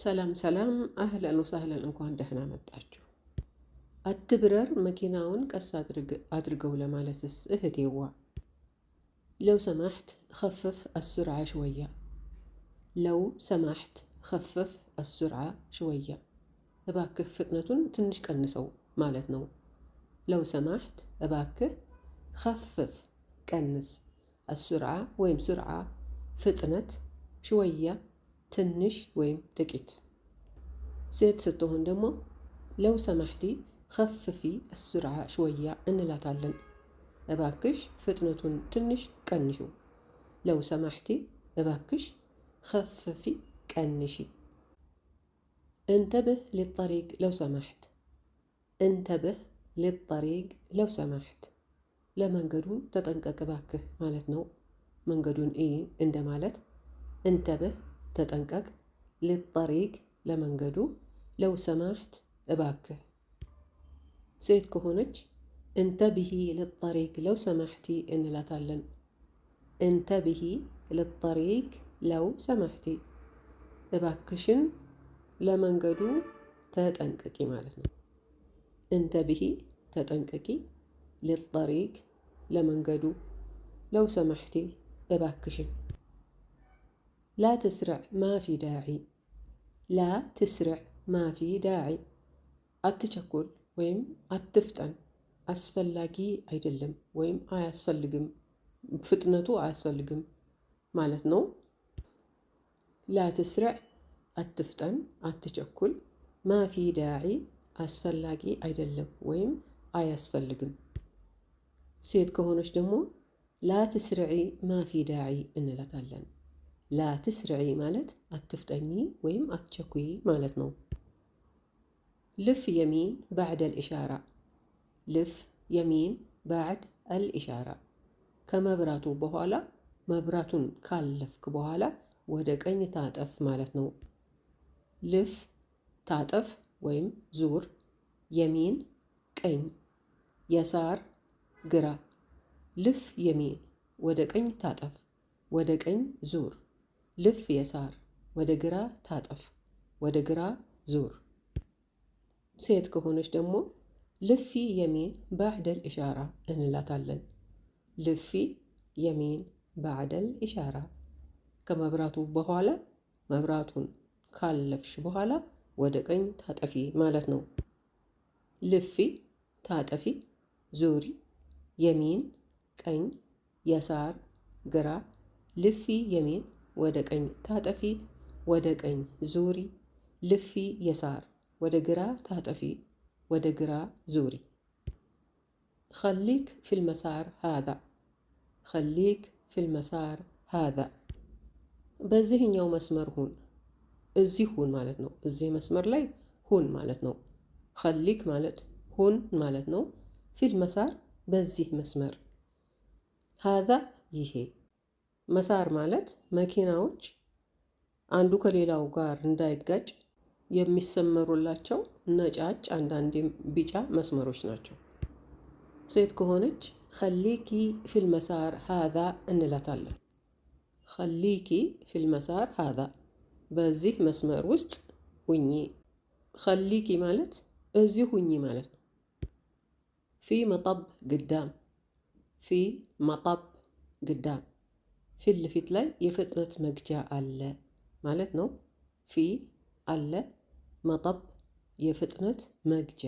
ሰላም ሰላም፣ አህለን ወሳህለን፣ እንኳን ደህና መጣችሁ። አትብረር መኪናውን ቀስ አድርገው ለማለትስ እህቴዋ፣ ለው ሰማሕት ከፍፍ አሱርዓ ሽወያ፣ ለው ሰማሕት ከፍፍ አሱርዓ ሽወያ፣ እባክህ ፍጥነቱን ትንሽ ቀንሰው ማለት ነው። ለው ሰማሕት እባክህ፣ ከፍፍ ቀንስ፣ አሱርዓ ወይም ሱርዓ ፍጥነት፣ ሽወያ ትንሽ ወይም ጥቂት። ሴት ስትሆን ደግሞ ለው ሰማሕቲ ከፍፊ አሱርዐ ሽወያ እንላታለን። እባክሽ ፍጥነቱን ትንሽ ቀንሹ። ለው ሰማሕቲ እባክሽ፣ ከፍፊ ቀንሺ። እንተብህ ሊጠሪቅ ለው ሰማሕት፣ እንተብህ ሊጠሪቅ ለው ሰማሕት፣ ለመንገዱ ተጠንቀቅ እባክህ ማለት ነው። መንገዱን እይ እንደማለት እንተብህ ተጠንቀቅ፣ ልጠሪቅ ለመንገዱ፣ ለው ሰማሕት እባክህ። ሴት ከሆነች እንተ እንተብሂ ልጠሪቅ ለው ሰማሕቲ እንላታለን። እንተብሂ ልጠሪቅ ለው ሰማሕቲ እባክሽን ለመንገዱ ተጠንቀቂ ማለት ነው። እንተብሂ ተጠንቀቂ፣ ልጠሪቅ ለመንገዱ፣ ለው ሰማሕቲ እባክሽን لا تسرع ما في داعي ላ ትስርዕ ማፊ ዳዒ አትቸኩል ወይም አትፍጠን፣ አስፈላጊ አይደለም ወይም አያስፈልግም፣ ፍጥነቱ አያስፈልግም ማለት ነው። ላ አትፍጠን፣ አትቸኩል፣ ማፊ ዳዒ አስፈላጊ አይደለም ወይም አያስፈልግም። ሴት ከሆነች ደግሞ ላ ትስርዒ ማፊ ዳዒ እንላታለን። لا تسرعي مالت اتفتني ويم اتشكوي مالت نو لف يمين بعد الإشارة لف يمين بعد الإشارة كما براتو بوهالا ما براتون كال لفك بوهالا ودك أني تاتف مالت نو لف تاتف ويم زور يمين كين يسار قرا لف يمين ودك أني تاتف ودك أني زور ልፍ የሳር ወደ ግራ ታጠፍ፣ ወደ ግራ ዙር። ሴት ከሆነች ደግሞ ልፊ የሚን ባዕደል ኢሻራ እንላታለን። ልፊ የሚን ባዕደል ኢሻራ ከመብራቱ በኋላ መብራቱን ካለፍሽ በኋላ ወደ ቀኝ ታጠፊ ማለት ነው። ልፊ ታጠፊ፣ ዙሪ፣ የሚን ቀኝ፣ የሳር ግራ፣ ልፊ የሚን ወደ ቀኝ ታጠፊ፣ ወደ ቀኝ ዙሪ። ልፊ يسار ወደ ግራ ታጠፊ፣ ወደ ግራ ዙሪ። خليك في المسار هذا خليك في المسار هذا በዚህኛው መስመር ሁን፣ እዚህ ሁን ማለት ነው። እዚህ መስመር ላይ ሁን ማለት ነው። ኸሊክ ማለት ሁን ማለት ነው። ፊል መሳር በዚህ መስመር፣ ሃዛ ይሄ መሳር ማለት መኪናዎች አንዱ ከሌላው ጋር እንዳይጋጭ የሚሰመሩላቸው ነጫጭ አንዳንዴም ቢጫ መስመሮች ናቸው። ሴት ከሆነች ከሊኪ ፊል መሳር ሃዛ እንላታለን። ከሊኪ ፊል መሳር ሃዛ፣ በዚህ መስመር ውስጥ ሁኚ። ከሊኪ ማለት እዚህ ሁኚ ማለት ነው። ፊ መጠብ ግዳም፣ ፊ መጠብ ግዳም ፊት ለፊት ላይ የፍጥነት መግጃ አለ ማለት ነው። ፊ አለ መጠብ የፍጥነት መግጃ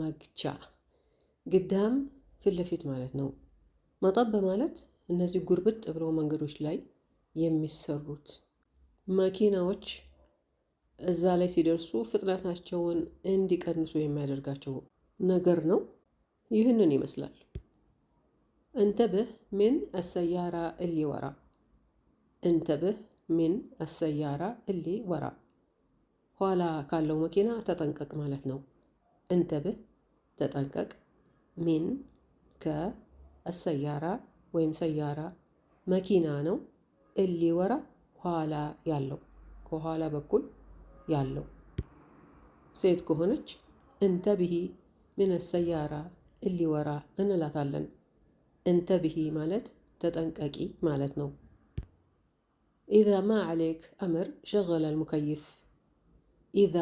መግቻ፣ ግዳም ፊት ለፊት ማለት ነው። መጠብ ማለት እነዚህ ጉርብጥ ብለው መንገዶች ላይ የሚሰሩት መኪናዎች እዛ ላይ ሲደርሱ ፍጥነታቸውን እንዲቀንሱ የሚያደርጋቸው ነገር ነው። ይህንን ይመስላል። انتبه من السيارة اللي ورا انتبه من السيارة اللي ورا ኋላ ካለው መኪና ተጠንቀቅ ማለት ነው። እንተብህ ተጠንቀቅ። ሚን ከሰያራ ወይም ሰያራ መኪና ነው። እሊ ወራ ኋላ ያለው ከኋላ በኩል ያለው ሴት ከሆነች እንተብሂ ሚን ሰያራ እሊ ወራ እንላታለን። እንተብሂ ማለት ተጠንቀቂ ማለት ነው። ኢዛ ማ ዓሌክ አምር ሸግል አልሙከይፍ። ኢዛ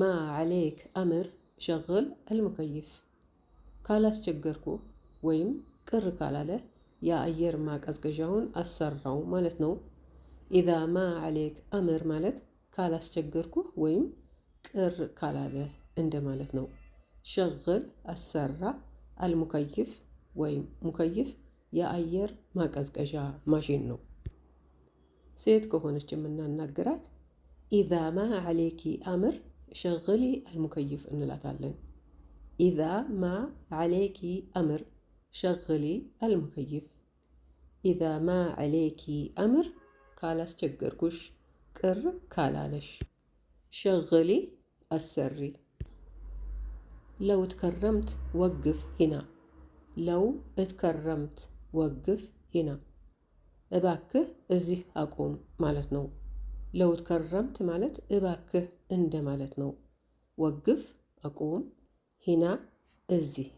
ማ ዓሌክ አምር ሸግል አልሙከይፍ። ካላስቸገርኩ ወይም ቅር ካላለ የአየር ማቀዝቀዣውን አሰራው ማለት ነው። ኢዛ ማ ዓሌክ አምር ማለት ካላስቸገርኩ ወይም ቅር ካላለ እንደማለት ነው። ሸግል አሰራ፣ አልሙከይፍ ወይም ሙከይፍ የአየር ማቀዝቀዣ ማሽን ነው። ሴት ከሆነች የምናናግራት ኢዛ ማ ዓሌኪ አምር ሸግሊ አልሙከይፍ እንላታለን። ኢዛ ማ ዓሌኪ አምር ሸግሊ አልሙከይፍ። ኢዛ ማ ዓሌኪ አምር ካላስቸገርኩሽ፣ ቅር ካላለሽ፣ ሸግሊ አሰሪ። ለውት ከረምት ወግፍ ሂና ለው እትከረምት ወግፍ ሂና እባክህ እዚህ አቁም ማለት ነው። ለው እትከረምት ማለት እባክህ እንደ ማለት ነው። ወግፍ አቁም፣ ሂና እዚህ።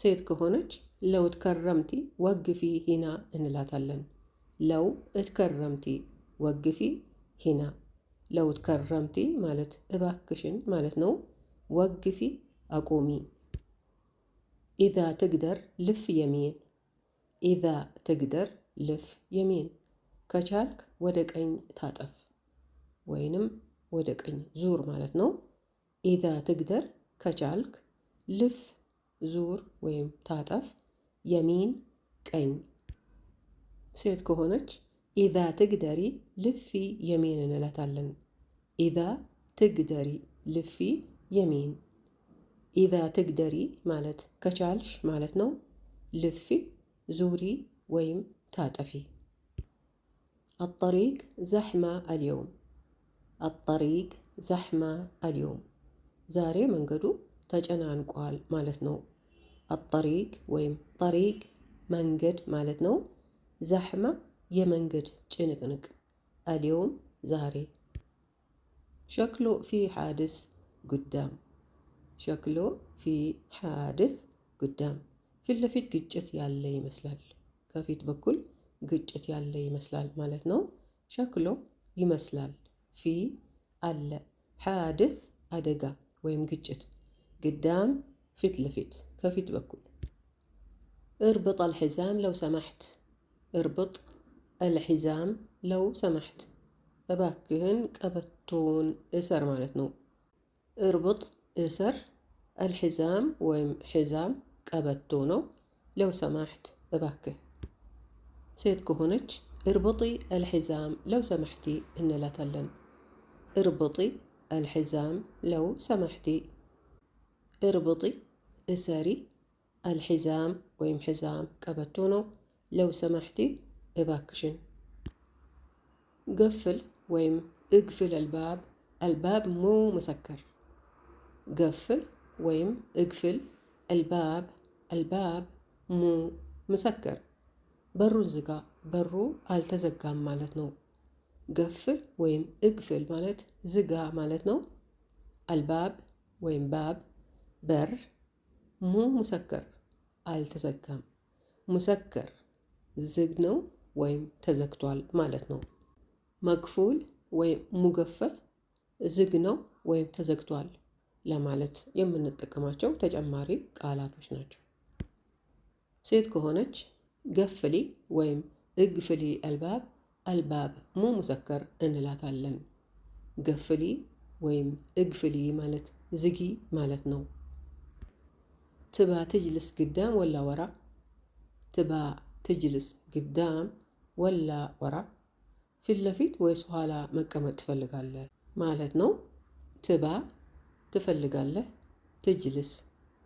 ሴት ከሆነች ለው እትከረምቲ ወግፊ ሂና እንላታለን። ለው እትከረምቲ ወግፊ ሂና። ለው እትከረምቲ ማለት እባክሽን ማለት ነው። ወግፊ አቁሚ ኢዛ ትግደር ልፍ የሚን ኢዛ ትግደር ልፍ የሚን ከቻልክ ወደ ቀኝ ታጠፍ ወይንም ወደ ቀኝ ዙር ማለት ነው። ኢዛ ትግደር ከቻልክ ልፍ ዙር ወይም ታጠፍ የሚን ቀኝ። ሴት ከሆነች ኢዛ ትግደሪ ልፊ የሚን እንላታለን። ኢዛ ትግደሪ ልፊ የሚን ኢዛ ትግደሪ ማለት ከቻልሽ ማለት ነው። ልፊ ዙሪ ወይም ታጠፊ። አጠሪቅ ዛሕማ አልየውም፣ አጠሪቅ ዛሕማ አልየውም፣ ዛሬ መንገዱ ተጨናንቋል ማለት ነው። አጠሪቅ ወይም ጠሪቅ መንገድ ማለት ነው። ዛሕማ የመንገድ ጭንቅንቅ፣ አልየውም ዛሬ። ሸክሎ ፊ ሓድስ ጉዳም ሸክሎ ፊ ሓድስ ጉዳም ፊት ለፊት ግጭት ያለ ይመስላል። ከፊት በኩል ግጭት ያለ ይመስላል ማለት ነው። ሸክሎ ይመስላል። ፊ አለ። ሓድስ አደጋ ወይም ግጭት። ጉዳም ፊት ለፊት ከፊት በኩል። እርብጥ አልሒዛም ለው ሰማሕት። እርብጥ አልሒዛም ለው ሰማሕት። እባክህን ቀበቶውን እሰር ማለት ነው። እርብጥ اسر الحزام حزام كابتونو لو سمحت اباكه سيد كهونج اربطي الحزام لو سمحتي ان لا تلن اربطي الحزام لو سمحتي اربطي اسري الحزام ويم حزام كابتونو لو سمحتي اباكشن قفل ويم اقفل الباب الباب مو مسكر ገፍል ወይም እግፍል አልባብ አልባብ ሙ ምሰከር በሩን ዝጋ፣ በሩ አልተዘጋም ማለት ነው። ገፍል ወይም እግፍል ማለት ዝጋ ማለት ነው። አልባብ ወይም ባብ በር፣ ሙ ሙሰከር አልተዘጋም። ሙሰከር ዝግ ነው ወይም ተዘግቷል ማለት ነው። መክፉል ወይም ሙገፈል ዝግ ነው ወይም ተዘግቷል ለማለት የምንጠቀማቸው ተጨማሪ ቃላቶች ናቸው። ሴት ከሆነች ገፍሊ ወይም እግፍሊ አልባብ አልባብ ሙ ሙዘከር እንላታለን። ገፍሊ ወይም እግፍሊ ማለት ዝጊ ማለት ነው። ትባ ትጅልስ ግዳም ወላ ወራ። ትባ ትጅልስ ግዳም ወላ ወራ ፊት ለፊት ወይስ ኋላ መቀመጥ ትፈልጋለህ ማለት ነው። ትባ ትፈልጋለህ ትጅልስ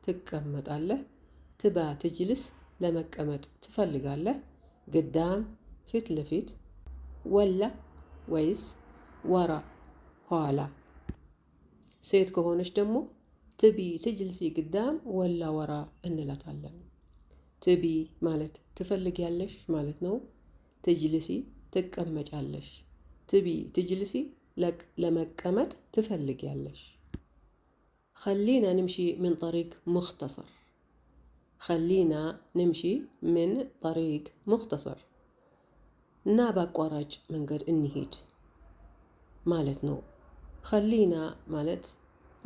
ትቀመጣለህ ትባ ትጅልስ ለመቀመጥ ትፈልጋለህ ግዳም ፊት ለፊት ወላ ወይስ ወራ ኋላ ሴት ከሆነች ደግሞ ትቢ ትጅልሲ ግዳም ወላ ወራ እንላታለን። ትቢ ማለት ትፈልጊያለሽ ማለት ነው። ትጅልሲ ትቀመጫለሽ ትቢ ትጅልሲ ለመቀመጥ ትፈልጊያለሽ خلينا نمشي من طريق مختصر خلينا نمشي من طريق مختصر ና በአቋራጭ መንገድ እንሄድ ማለት ነው። ኸሊና ማለት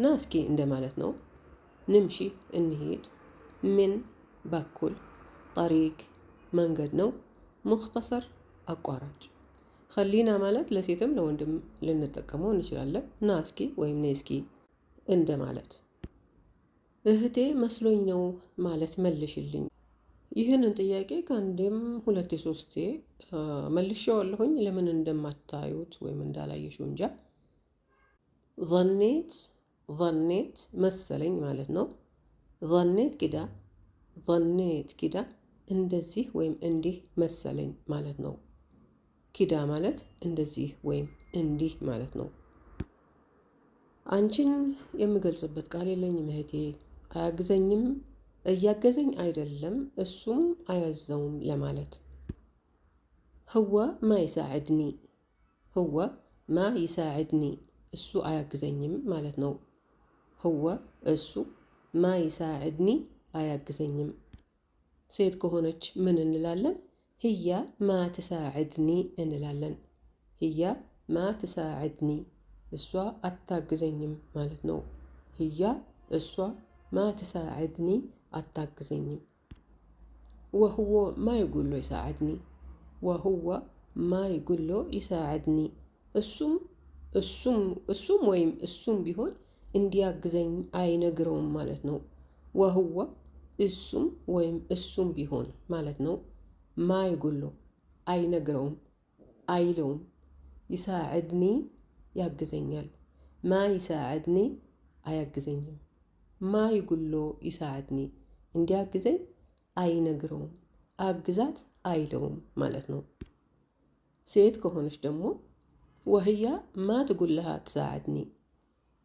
ና እስኪ እንደ ማለት ነው። ንምሺ እንሄድ ምን በኩል ጠሪቅ መንገድ ነው። ሙክተሰር አቋራጭ። ኸሊና ማለት ለሴትም ለወንድም ልንጠቀመው እንችላለን። ና እስኪ ወይም ነ እስኪ እንደ ማለት። እህቴ መስሎኝ ነው ማለት መልሽልኝ። ይህንን ጥያቄ ከአንዴም ሁለቴ ሶስቴ መልሼዋለሁኝ። ለምን እንደማታዩት ወይም እንዳላየሽው እንጃ። ዘኔት ዘኔት መሰለኝ ማለት ነው። ዘኔት ኪዳ ዘኔት ኪዳ እንደዚህ ወይም እንዲህ መሰለኝ ማለት ነው። ኪዳ ማለት እንደዚህ ወይም እንዲህ ማለት ነው። አንቺን የምገልጽበት ቃል የለኝም እህቴ። አያግዘኝም እያገዘኝ አይደለም እሱም አያዘውም ለማለት ህወ ማ ይሳዕድኒ፣ ህወ ማ ይሳዕድኒ እሱ አያግዘኝም ማለት ነው። ህወ እሱ፣ ማ ይሳዕድኒ አያግዘኝም። ሴት ከሆነች ምን እንላለን? ህያ ማ ትሳዕድኒ እንላለን። ህያ ማ ትሳዕድኒ እሷ አታግዘኝም ማለት ነው። ህያ እሷ ማትሳዕድኒ አታግዘኝም። ወህዎ ማይጉሎ ይሳዕድኒ ወህዎ ማይጉሎ ይሳዕድኒ እሱም እሱም እሱም ወይም እሱም ቢሆን እንዲያግዘኝ አይነግረውም ማለት ነው። ወህዎ እሱም ወይም እሱም ቢሆን ማለት ነው። ማይጉሎ አይነግረውም አይለውም። ይሳዕድኒ ያግዘኛል። ማ ይሳዕድኒ አያግዘኝም። ማ ይጉሎ ይሳዕድኒ እንዲያግዘኝ አይነግረውም፣ አግዛት አይለውም ማለት ነው። ሴት ከሆነች ደግሞ ወህያ ማ ትጉልሃ ትሳዕድኒ፣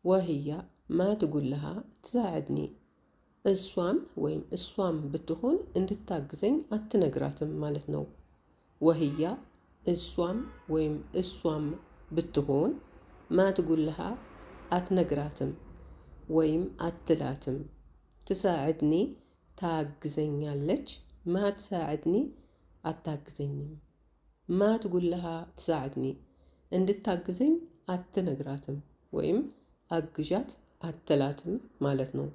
ወህያ ማ ትጉልሃ ትሳዕድኒ፣ እሷም ወይም እሷም ብትሆን እንድታግዘኝ አትነግራትም ማለት ነው። ወህያ እሷም ወይም እሷም ብትሆን ማትጉልሃ አትነግራትም ወይም አትላትም። ትሳዕድኒ ታግዘኛለች። ማትሳዕድኒ አታግዘኝም። ማትጉልሃ ትሳዕድኒ እንድታግዘኝ አትነግራትም ወይም አግዣት አትላትም ማለት ነው።